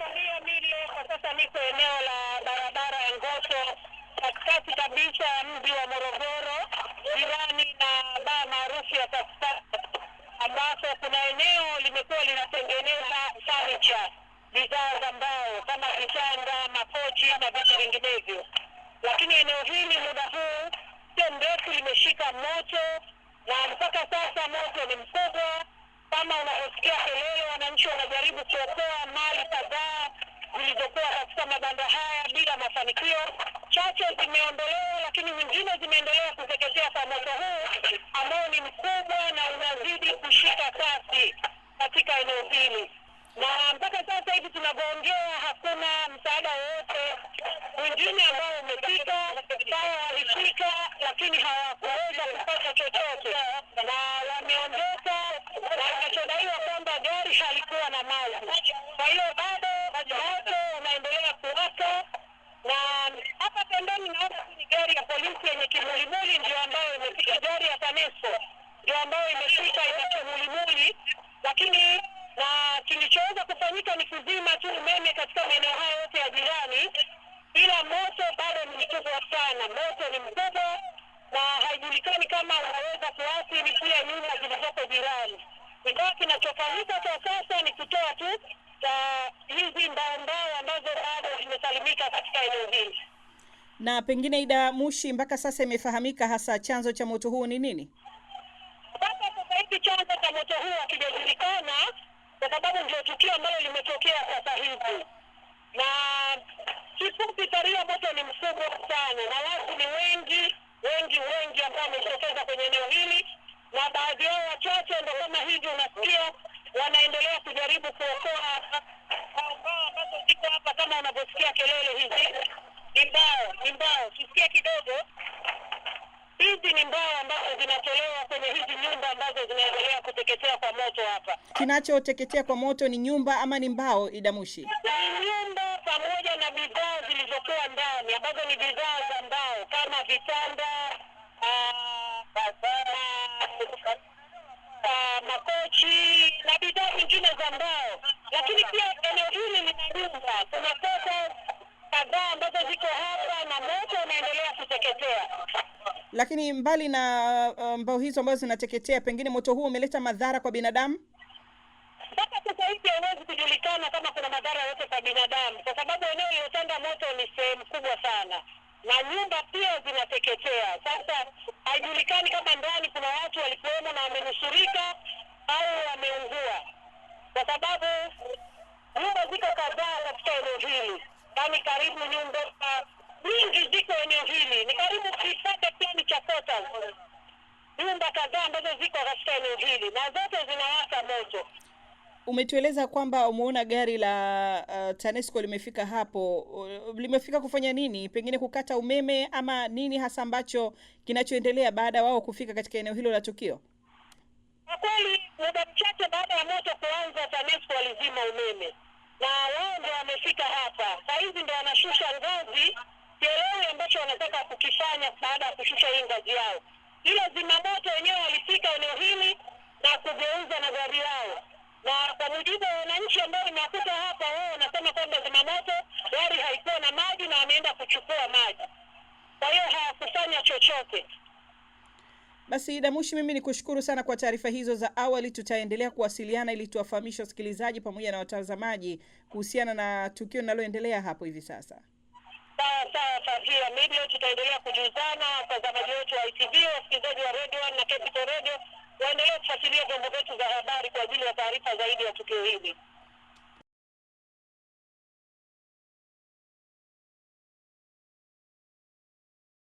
Samia Milo, kwa sasa niko eneo la barabara ya Ngoto katikati kabisa mji wa Morogoro, jirani na baa maarufu ya Kaskata, ambapo kuna eneo limekuwa linatengeneza fanicha, bidhaa za mbao kama vitanda, makochi na vitu vinginevyo, lakini eneo hili muda huu sio mrefu limeshika moto na mpaka sasa moto ni mkubwa. Kama unavyosikia kelele, wananchi wanajaribu kuokoa mali kadhaa zilizokuwa katika mabanda haya bila mafanikio. Chache zimeondolewa, lakini nyingine zimeendelea kuteketea kwa moto huu ambao ni mkubwa na unazidi kushika kasi katika eneo hili, na mpaka sasa hivi tunavyoongea hakuna msaada wowote mwingine ambao umefika. Sawa, walifika lakini hawakuweza kupata chochote na TANESCO ndio ambayo imefika imechomulimuli, lakini na kilichoweza kufanyika ni kuzima tu umeme katika maeneo hayo yote ya jirani, ila moto bado ni mkubwa sana. Moto ni mkubwa na haijulikani kama unaweza kuathiri pia nyumba zilizoko jirani. Ingawa kinachofanyika kwa sasa ni kutoa tu ah, hizi mbaombao ambazo bado zimesalimika katika eneo hili. Na pengine Ida Mushi, mpaka sasa imefahamika hasa chanzo cha moto huo ni nini? Mpaka sasa hivi chanzo cha moto huo hakijajulikana, kwa sababu ndio tukio ambalo limetokea sasa hivi, na kifupi, taria moto ni mkubwa sana, na watu ni wengi wengi wengi ambao wamejitokeza kwenye eneo hili, na baadhi yao wachache ndo kama hivi unasikia wanaendelea kujaribu kuokoa ambao ambazo ziko hapa, kama wanavyosikia kelele hizi mbao ni mbao, kisikia kidogo. Hizi ni mbao ambazo zinatolewa kwenye hizi nyumba ambazo zinaendelea kuteketea kwa moto hapa. Kinachoteketea kwa moto ni nyumba ama ni mbao, Idamushi? Ni nyumba pamoja na bidhaa zilizokuwa ndani ambazo ni bidhaa za mbao kama vitanda, ah, ah, makochi na bidhaa nyingine za mbao, lakini pia eneo hili lina nyumba kuna kadhaa na moto unaendelea kuteketea. Lakini mbali na uh, mbao hizo ambazo zinateketea, pengine moto huu umeleta madhara kwa binadamu? Mpaka sasa hivi hauwezi kujulikana kama kuna madhara yote kwa binadamu, kwa sababu eneo iliyotanda moto ni sehemu kubwa sana na nyumba pia zinateketea. Sasa haijulikani kama ndani kuna watu walikuwemo na wamenusurika au wameungua, kwa sababu nyumba ziko kadhaa katika eneo hili, yaani karibu nyumba nyingi ziko eneo hili, ni karibu kifata kiani cha kota, nyumba kadhaa ambazo ziko katika eneo hili na zote zinawaka moto. Umetueleza kwamba umeona gari la uh, TANESCO limefika hapo. Uh, limefika kufanya nini? Pengine kukata umeme ama nini hasa ambacho kinachoendelea baada ya wao kufika katika eneo hilo la tukio? Kwa kweli, muda mchache baada ya moto kuanza, TANESCO walizima umeme na wao ndio wamefika hapa. Saa hizi ndio wanashusha ngozi ambacho wanataka kukifanya baada ya kushusha hii ngazi yao. Ila zimamoto wenyewe walifika eneo hili na kugeuza na gari lao, na kwa mujibu wa wananchi ambao imewakuta hapa, wao wanasema kwamba zimamoto gari haikuwa na maji na wameenda kuchukua maji, kwa hiyo hawakufanya chochote. Basi Damushi, mimi ni kushukuru sana kwa taarifa hizo za awali. Tutaendelea kuwasiliana ili tuwafahamishe wasikilizaji pamoja na watazamaji kuhusiana na tukio linaloendelea hapo hivi sasa. Sawa sawa Fadhia Media, tutaendelea kujuzana. Watazamaji wetu wa ITV, wasikilizaji wa Radio One na Capital Radio waendelee kufuatilia vyombo vyetu vya habari kwa ajili ya taarifa zaidi ya tukio hili.